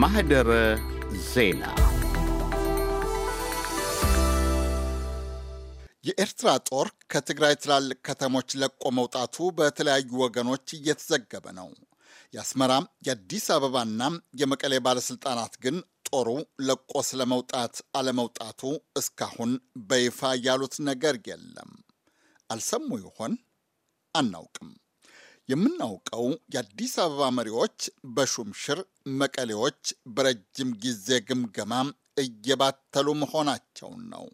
ማህደረ ዜና የኤርትራ ጦር ከትግራይ ትላልቅ ከተሞች ለቆ መውጣቱ በተለያዩ ወገኖች እየተዘገበ ነው። የአስመራ የአዲስ አበባና የመቀሌ ባለሥልጣናት ግን ጦሩ ለቆ ስለመውጣት አለመውጣቱ እስካሁን በይፋ ያሉት ነገር የለም። አልሰሙ ይሆን? አናውቅም። የምናውቀው የአዲስ አበባ መሪዎች በሹምሽር መቀሌዎች በረጅም ጊዜ ግምገማ እየባተሉ መሆናቸውን ነው።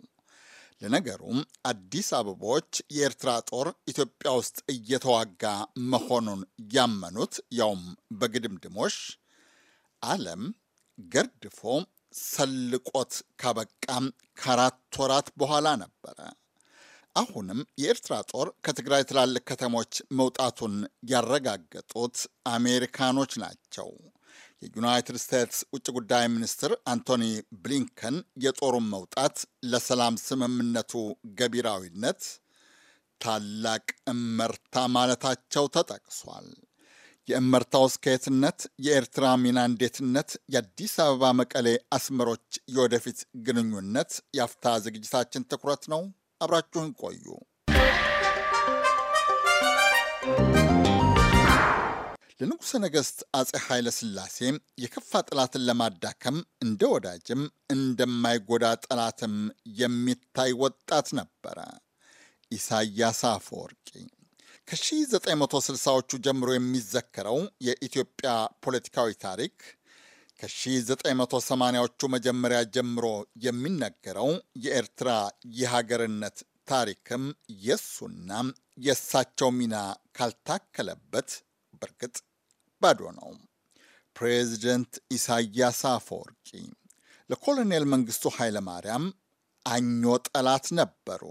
ለነገሩም አዲስ አበቦች የኤርትራ ጦር ኢትዮጵያ ውስጥ እየተዋጋ መሆኑን ያመኑት ያውም በግድምድሞሽ ዓለም ገርድፎ ሰልቆት ካበቃም ከአራት ወራት በኋላ ነበረ። አሁንም የኤርትራ ጦር ከትግራይ ትላልቅ ከተሞች መውጣቱን ያረጋገጡት አሜሪካኖች ናቸው። የዩናይትድ ስቴትስ ውጭ ጉዳይ ሚኒስትር አንቶኒ ብሊንከን የጦሩን መውጣት ለሰላም ስምምነቱ ገቢራዊነት ታላቅ እመርታ ማለታቸው ተጠቅሷል። የእመርታው ስኬትነት፣ የኤርትራ ሚና እንዴትነት፣ የአዲስ አበባ መቀሌ አስመሮች የወደፊት ግንኙነት የአፍታ ዝግጅታችን ትኩረት ነው። አብራችሁን ቆዩ። ለንጉሠ ነገሥት አጼ ኃይለ ሥላሴ የከፋ ጠላትን ለማዳከም እንደ ወዳጅም እንደማይጎዳ ጠላትም የሚታይ ወጣት ነበረ ኢሳያስ አፈወርቂ። ከ1960ዎቹ ጀምሮ የሚዘከረው የኢትዮጵያ ፖለቲካዊ ታሪክ ከ1980ዎቹ መጀመሪያ ጀምሮ የሚነገረው የኤርትራ የሀገርነት ታሪክም የሱና የእሳቸው ሚና ካልታከለበት በርግጥ ባዶ ነው። ፕሬዚደንት ኢሳያስ አፈወርቂ ለኮሎኔል መንግስቱ ኃይለማርያም አኞ ጠላት ነበሩ፣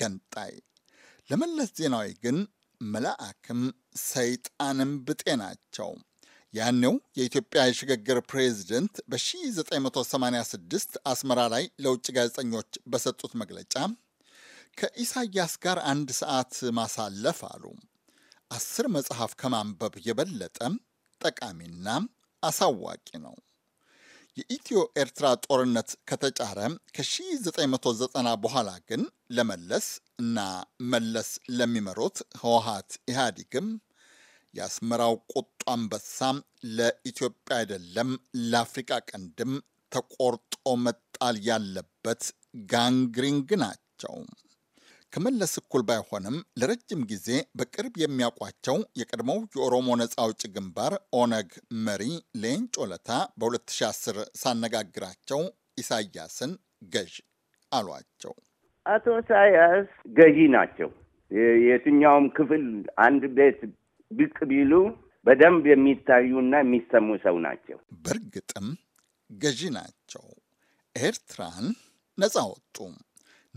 ገንጣይ። ለመለስ ዜናዊ ግን መልአክም ሰይጣንም ብጤ ናቸው። ያኔው የኢትዮጵያ የሽግግር ፕሬዚደንት በ1986 አስመራ ላይ ለውጭ ጋዜጠኞች በሰጡት መግለጫ ከኢሳያስ ጋር አንድ ሰዓት ማሳለፍ አሉ አስር መጽሐፍ ከማንበብ የበለጠ ጠቃሚና አሳዋቂ ነው። የኢትዮ ኤርትራ ጦርነት ከተጫረ ከ1990 በኋላ ግን ለመለስ እና መለስ ለሚመሩት ህወሀት ኢህአዲግም የአስመራው ቁጡ አንበሳ ለኢትዮጵያ አይደለም ለአፍሪቃ ቀንድም ተቆርጦ መጣል ያለበት ጋንግሪንግ ናቸው። ከመለስ እኩል ባይሆንም ለረጅም ጊዜ በቅርብ የሚያውቋቸው የቀድሞው የኦሮሞ ነፃ አውጪ ግንባር ኦነግ መሪ ሌንጮ ለታ በ2010 ሳነጋግራቸው ኢሳያስን ገዥ አሏቸው። አቶ ኢሳያስ ገዢ ናቸው። የትኛውም ክፍል አንድ ቤት ብቅ ቢሉ በደንብ የሚታዩና የሚሰሙ ሰው ናቸው። በእርግጥም ገዢ ናቸው። ኤርትራን ነፃ ወጡ።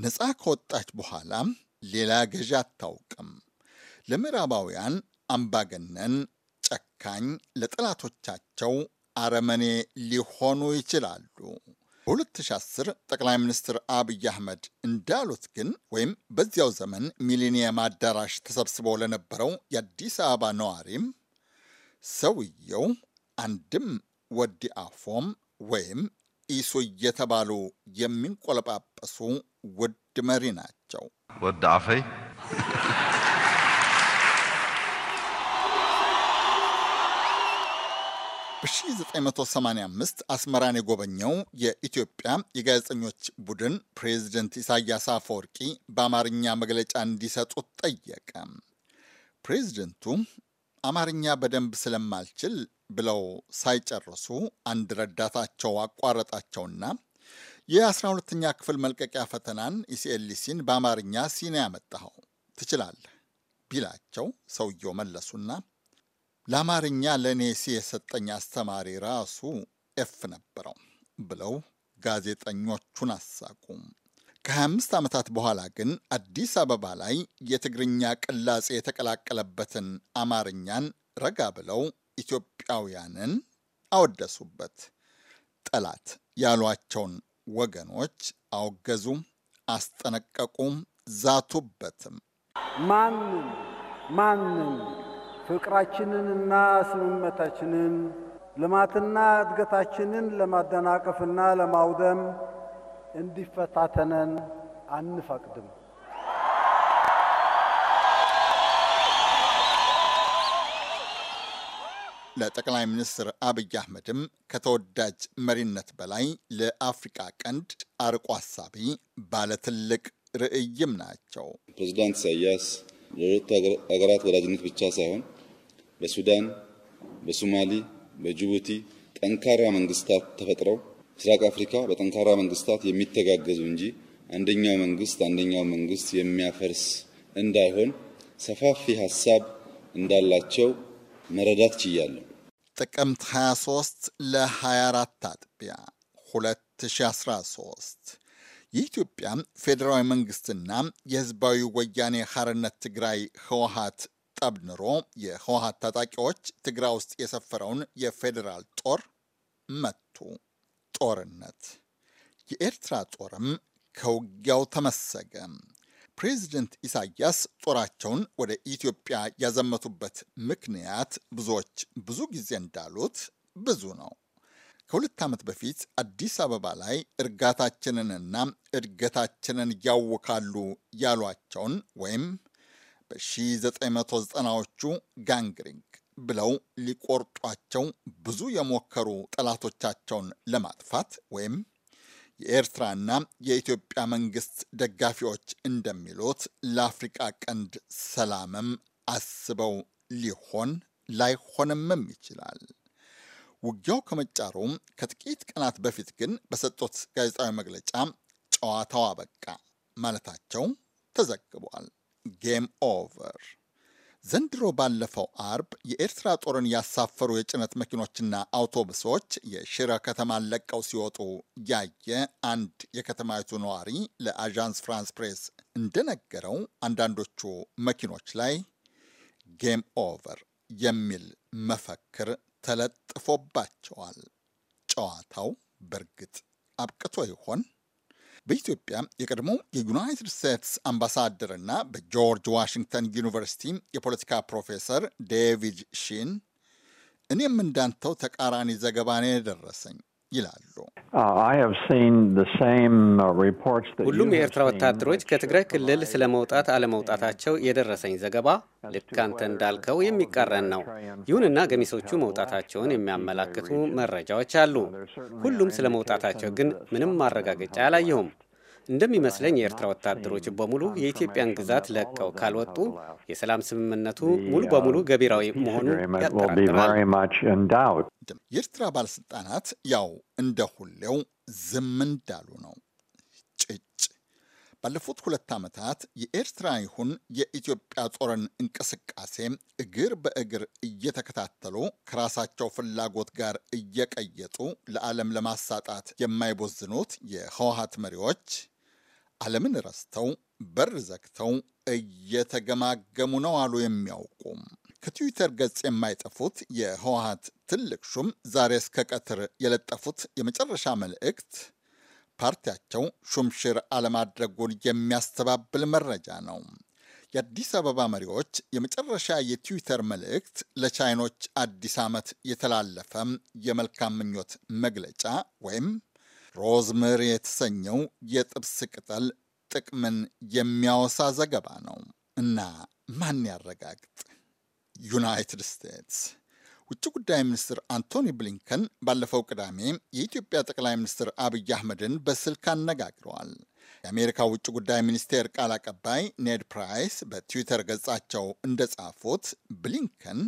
ነፃ ከወጣች በኋላ ሌላ ገዢ አታውቅም። ለምዕራባውያን አምባገነን፣ ጨካኝ፣ ለጠላቶቻቸው አረመኔ ሊሆኑ ይችላሉ። በ2010 ጠቅላይ ሚኒስትር አብይ አህመድ እንዳሉት ግን ወይም በዚያው ዘመን ሚሊኒየም አዳራሽ ተሰብስበው ለነበረው የአዲስ አበባ ነዋሪም ሰውየው አንድም ወዲ አፎም ወይም ኢሱ እየተባሉ የሚንቆለጳጳሱ ውድ መሪ ናቸው። ወዲ አፈይ 1985 አስመራን የጎበኘው የኢትዮጵያ የጋዜጠኞች ቡድን ፕሬዚደንት ኢሳያስ አፈወርቂ በአማርኛ መግለጫ እንዲሰጡት ጠየቀ። ፕሬዚደንቱ አማርኛ በደንብ ስለማልችል ብለው ሳይጨርሱ አንድ ረዳታቸው አቋረጣቸውና የ12ኛ ክፍል መልቀቂያ ፈተናን ኢሲኤልሲን በአማርኛ ሲና ያመጣኸው ትችላለህ ቢላቸው ሰውየው መለሱና ለአማርኛ ለኔሲ የሰጠኝ አስተማሪ ራሱ ኤፍ ነበረው ብለው ጋዜጠኞቹን አሳቁ። ከ25 ዓመታት በኋላ ግን አዲስ አበባ ላይ የትግርኛ ቅላጼ የተቀላቀለበትን አማርኛን ረጋ ብለው ኢትዮጵያውያንን አወደሱበት። ጠላት ያሏቸውን ወገኖች አወገዙ፣ አስጠነቀቁ፣ ዛቱበትም። ማንም ማንም ፍቅራችንንና ስምመታችንን ልማትና እድገታችንን ለማደናቀፍና ለማውደም እንዲፈታተነን አንፈቅድም። ለጠቅላይ ሚኒስትር አብይ አህመድም ከተወዳጅ መሪነት በላይ ለአፍሪቃ ቀንድ አርቆ አሳቢ ባለትልቅ ርዕይም ናቸው። ፕሬዚዳንት ኢሳያስ ለሁለቱ ሀገራት ወዳጅነት ብቻ ሳይሆን በሱዳን፣ በሶማሊ፣ በጅቡቲ ጠንካራ መንግስታት ተፈጥረው ምስራቅ አፍሪካ በጠንካራ መንግስታት የሚተጋገዙ እንጂ አንደኛው መንግስት አንደኛው መንግስት የሚያፈርስ እንዳይሆን ሰፋፊ ሀሳብ እንዳላቸው መረዳት ችያለሁ። ጥቅምት 23 ለ24 አጥቢያ 2013 የኢትዮጵያ ፌዴራዊ መንግስትና የህዝባዊ ወያኔ ሐርነት ትግራይ ህወሀት ጠብ ኑሮ የህወሀት ታጣቂዎች ትግራይ ውስጥ የሰፈረውን የፌዴራል ጦር መቱ። ጦርነት የኤርትራ ጦርም ከውጊያው ተመሰገ። ፕሬዚደንት ኢሳያስ ጦራቸውን ወደ ኢትዮጵያ ያዘመቱበት ምክንያት ብዙዎች ብዙ ጊዜ እንዳሉት ብዙ ነው። ከሁለት ዓመት በፊት አዲስ አበባ ላይ እርጋታችንንና እድገታችንን ያውካሉ ያሏቸውን ወይም በ1990ዎቹ ጋንግሪንግ ብለው ሊቆርጧቸው ብዙ የሞከሩ ጠላቶቻቸውን ለማጥፋት ወይም የኤርትራና የኢትዮጵያ መንግስት ደጋፊዎች እንደሚሉት ለአፍሪቃ ቀንድ ሰላምም አስበው ሊሆን ላይሆንምም ይችላል። ውጊያው ከመጫሩ ከጥቂት ቀናት በፊት ግን በሰጡት ጋዜጣዊ መግለጫ ጨዋታው አበቃ ማለታቸው ተዘግቧል። ጌም ኦቨር። ዘንድሮ ባለፈው አርብ የኤርትራ ጦርን ያሳፈሩ የጭነት መኪኖችና አውቶቡሶች የሽረ ከተማን ለቀው ሲወጡ ያየ አንድ የከተማይቱ ነዋሪ ለአዣንስ ፍራንስ ፕሬስ እንደነገረው አንዳንዶቹ መኪኖች ላይ ጌም ኦቨር የሚል መፈክር ተለጥፎባቸዋል። ጨዋታው በእርግጥ አብቅቶ ይሆን? በኢትዮጵያ የቀድሞ የዩናይትድ ስቴትስ አምባሳደርና በጆርጅ ዋሽንግተን ዩኒቨርሲቲ የፖለቲካ ፕሮፌሰር ዴቪድ ሺን እኔም እንዳንተው ተቃራኒ ዘገባ ነው የደረሰኝ ይላሉ። uh, uh, ሁሉም የኤርትራ ወታደሮች ከትግራይ ክልል ስለ መውጣት አለመውጣታቸው የደረሰኝ ዘገባ ልክ አንተ እንዳልከው የሚቃረን ነው። ይሁንና ገሚሶቹ መውጣታቸውን የሚያመላክቱ መረጃዎች አሉ። ሁሉም ስለ መውጣታቸው ግን ምንም ማረጋገጫ አላየሁም። እንደሚመስለኝ የኤርትራ ወታደሮች በሙሉ የኢትዮጵያን ግዛት ለቀው ካልወጡ የሰላም ስምምነቱ ሙሉ በሙሉ uh, ገቢራዊ መሆኑ ያጠራጥራል። የኤርትራ ባለስልጣናት ያው እንደ ሁሌው ዝም እንዳሉ ነው። ጭጭ ባለፉት ሁለት ዓመታት የኤርትራ ይሁን የኢትዮጵያ ጦርን እንቅስቃሴ እግር በእግር እየተከታተሉ ከራሳቸው ፍላጎት ጋር እየቀየጡ ለዓለም ለማሳጣት የማይቦዝኑት የህወሀት መሪዎች ዓለምን ረስተው በር ዘግተው እየተገማገሙ ነው አሉ የሚያውቁ። ከትዊተር ገጽ የማይጠፉት የህወሀት ትልቅ ሹም ዛሬ እስከ ቀትር የለጠፉት የመጨረሻ መልእክት ፓርቲያቸው ሹምሽር አለማድረጉን የሚያስተባብል መረጃ ነው። የአዲስ አበባ መሪዎች የመጨረሻ የትዊተር መልእክት ለቻይኖች አዲስ ዓመት የተላለፈ የመልካም ምኞት መግለጫ ወይም ሮዝምር የተሰኘው የጥብስ ቅጠል ጥቅምን የሚያወሳ ዘገባ ነው እና ማን ያረጋግጥ? ዩናይትድ ስቴትስ ውጭ ጉዳይ ሚኒስትር አንቶኒ ብሊንከን ባለፈው ቅዳሜ የኢትዮጵያ ጠቅላይ ሚኒስትር አብይ አህመድን በስልክ አነጋግረዋል። የአሜሪካ ውጭ ጉዳይ ሚኒስቴር ቃል አቀባይ ኔድ ፕራይስ በትዊተር ገጻቸው እንደጻፉት ብሊንከን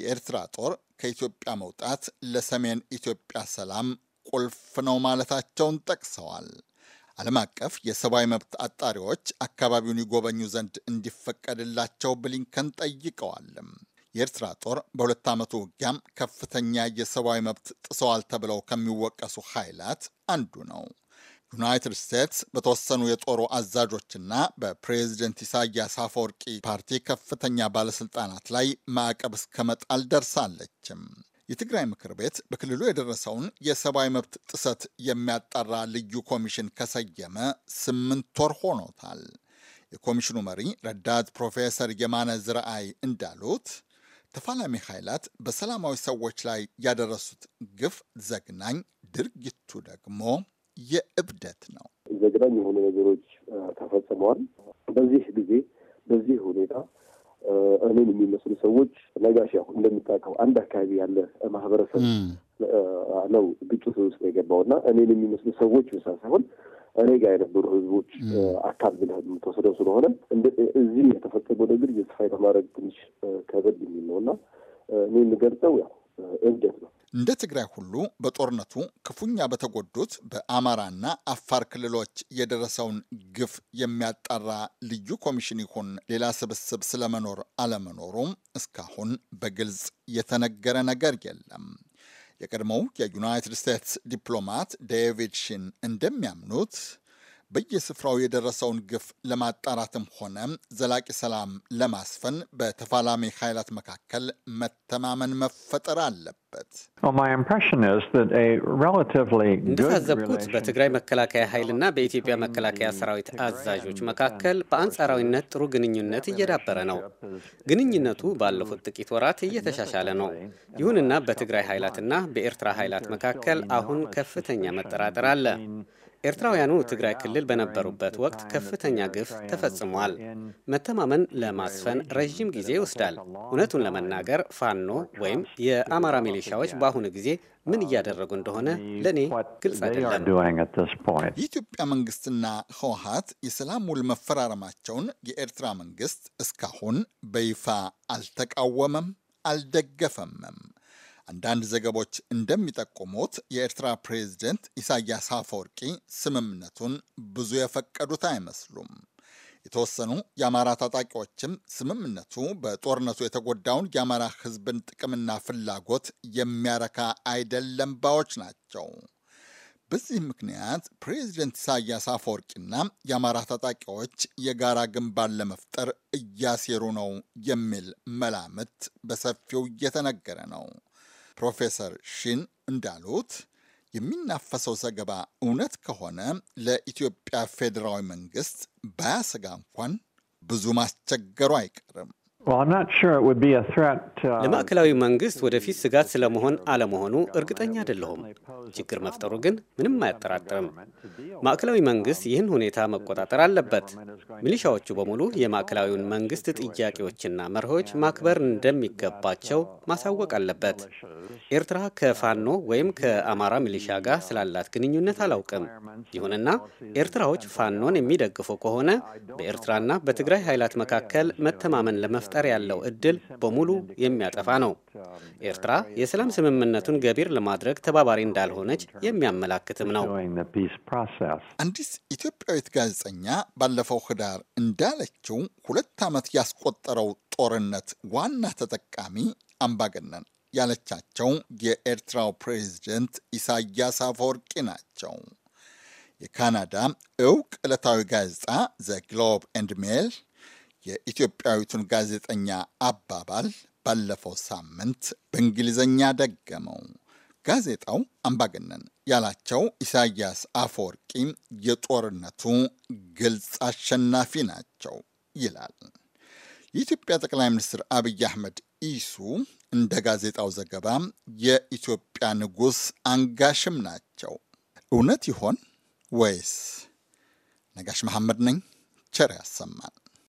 የኤርትራ ጦር ከኢትዮጵያ መውጣት ለሰሜን ኢትዮጵያ ሰላም ቁልፍ ነው ማለታቸውን ጠቅሰዋል። ዓለም አቀፍ የሰብአዊ መብት አጣሪዎች አካባቢውን ይጎበኙ ዘንድ እንዲፈቀድላቸው ብሊንከን ጠይቀዋል። የኤርትራ ጦር በሁለት ዓመቱ ውጊያም ከፍተኛ የሰብአዊ መብት ጥሰዋል ተብለው ከሚወቀሱ ኃይላት አንዱ ነው። ዩናይትድ ስቴትስ በተወሰኑ የጦሩ አዛዦችና በፕሬዚደንት ኢሳያስ አፈወርቂ ፓርቲ ከፍተኛ ባለሥልጣናት ላይ ማዕቀብ እስከመጣል ደርሳለችም። የትግራይ ምክር ቤት በክልሉ የደረሰውን የሰብአዊ መብት ጥሰት የሚያጣራ ልዩ ኮሚሽን ከሰየመ ስምንት ወር ሆኖታል። የኮሚሽኑ መሪ ረዳት ፕሮፌሰር የማነ ዝርአይ እንዳሉት ተፋላሚ ኃይላት በሰላማዊ ሰዎች ላይ ያደረሱት ግፍ ዘግናኝ፣ ድርጊቱ ደግሞ የእብደት ነው። ዘግናኝ የሆኑ ነገሮች ተፈጽመዋል። በዚህ ጊዜ በዚህ ሁኔታ እኔን የሚመስሉ ሰዎች ነጋሽ ያው እንደሚታወቀው አንድ አካባቢ ያለ ማህበረሰብ ነው ግጭት ውስጥ የገባው እና እኔን የሚመስሉ ሰዎች ብቻ ሳይሆን እኔ ጋር የነበሩ ህዝቦች አካል ብለህ የምትወስደው ስለሆነ እዚህ የተፈጸመው ነገር የተስፋ ለማድረግ ትንሽ ከበድ የሚል ነው እና እኔ የምገልጸው ያው እብደት ነው። እንደ ትግራይ ሁሉ በጦርነቱ ክፉኛ በተጎዱት በአማራና አፋር ክልሎች የደረሰውን ግፍ የሚያጣራ ልዩ ኮሚሽን ይሁን ሌላ ስብስብ ስለመኖር አለመኖሩም እስካሁን በግልጽ የተነገረ ነገር የለም። የቀድሞው የዩናይትድ ስቴትስ ዲፕሎማት ዴቪድ ሺን እንደሚያምኑት በየስፍራው የደረሰውን ግፍ ለማጣራትም ሆነ ዘላቂ ሰላም ለማስፈን በተፋላሚ ኃይላት መካከል መተማመን መፈጠር አለበት። እንደታዘብኩት በትግራይ መከላከያ ኃይልና በኢትዮጵያ መከላከያ ሰራዊት አዛዦች መካከል በአንጻራዊነት ጥሩ ግንኙነት እየዳበረ ነው። ግንኙነቱ ባለፉት ጥቂት ወራት እየተሻሻለ ነው። ይሁንና በትግራይ ኃይላትና በኤርትራ ኃይላት መካከል አሁን ከፍተኛ መጠራጠር አለ። ኤርትራውያኑ ትግራይ ክልል በነበሩበት ወቅት ከፍተኛ ግፍ ተፈጽሟል። መተማመን ለማስፈን ረዥም ጊዜ ይወስዳል። እውነቱን ለመናገር ፋኖ ወይም የአማራ ሚሊ ሚሊሻዎች በአሁኑ ጊዜ ምን እያደረጉ እንደሆነ um, ለእኔ ግልጽ አይደለም። የኢትዮጵያ መንግስትና ህወሀት የሰላም ውል መፈራረማቸውን የኤርትራ መንግስት እስካሁን በይፋ አልተቃወመም፣ አልደገፈምም። አንዳንድ ዘገቦች እንደሚጠቁሙት የኤርትራ ፕሬዝደንት ኢሳያስ አፈወርቂ ስምምነቱን ብዙ የፈቀዱት አይመስሉም። የተወሰኑ የአማራ ታጣቂዎችም ስምምነቱ በጦርነቱ የተጎዳውን የአማራ ሕዝብን ጥቅምና ፍላጎት የሚያረካ አይደለም ባዎች ናቸው። በዚህ ምክንያት ፕሬዚደንት ኢሳያስ አፈወርቂና የአማራ ታጣቂዎች የጋራ ግንባር ለመፍጠር እያሴሩ ነው የሚል መላምት በሰፊው እየተነገረ ነው። ፕሮፌሰር ሺን እንዳሉት የሚናፈሰው ዘገባ እውነት ከሆነ ለኢትዮጵያ ፌዴራዊ መንግስት ባያሰጋ እንኳን ብዙ ማስቸገሩ አይቀርም። Uh, የማዕከላዊ መንግስት ወደፊት ስጋት ስለመሆን አለመሆኑ እርግጠኛ አይደለሁም። ችግር መፍጠሩ ግን ምንም አያጠራጥርም። ማዕከላዊ መንግስት ይህን ሁኔታ መቆጣጠር አለበት። ሚሊሻዎቹ በሙሉ የማዕከላዊውን መንግስት ጥያቄዎችና መርሆች ማክበር እንደሚገባቸው ማሳወቅ አለበት። ኤርትራ ከፋኖ ወይም ከአማራ ሚሊሻ ጋር ስላላት ግንኙነት አላውቅም። ይሁንና ኤርትራዎች ፋኖን የሚደግፉ ከሆነ በኤርትራና በትግራይ ኃይላት መካከል መተማመን ለመፍጠር ለመፍጠር ያለው እድል በሙሉ የሚያጠፋ ነው። ኤርትራ የሰላም ስምምነቱን ገቢር ለማድረግ ተባባሪ እንዳልሆነች የሚያመላክትም ነው። አንዲት ኢትዮጵያዊት ጋዜጠኛ ባለፈው ህዳር እንዳለችው ሁለት ዓመት ያስቆጠረው ጦርነት ዋና ተጠቃሚ አምባገነን ያለቻቸው የኤርትራው ፕሬዝደንት ኢሳያስ አፈወርቂ ናቸው። የካናዳ እውቅ ዕለታዊ ጋዜጣ ዘ ግሎብ ኤንድ ሜል የኢትዮጵያዊቱን ጋዜጠኛ አባባል ባለፈው ሳምንት በእንግሊዝኛ ደገመው። ጋዜጣው አምባገነን ያላቸው ኢሳያስ አፈወርቂ የጦርነቱ ግልጽ አሸናፊ ናቸው ይላል። የኢትዮጵያ ጠቅላይ ሚኒስትር አብይ አህመድ ኢሱ እንደ ጋዜጣው ዘገባ የኢትዮጵያ ንጉሥ አንጋሽም ናቸው። እውነት ይሆን ወይስ? ነጋሽ መሐመድ ነኝ። ቸር ያሰማል።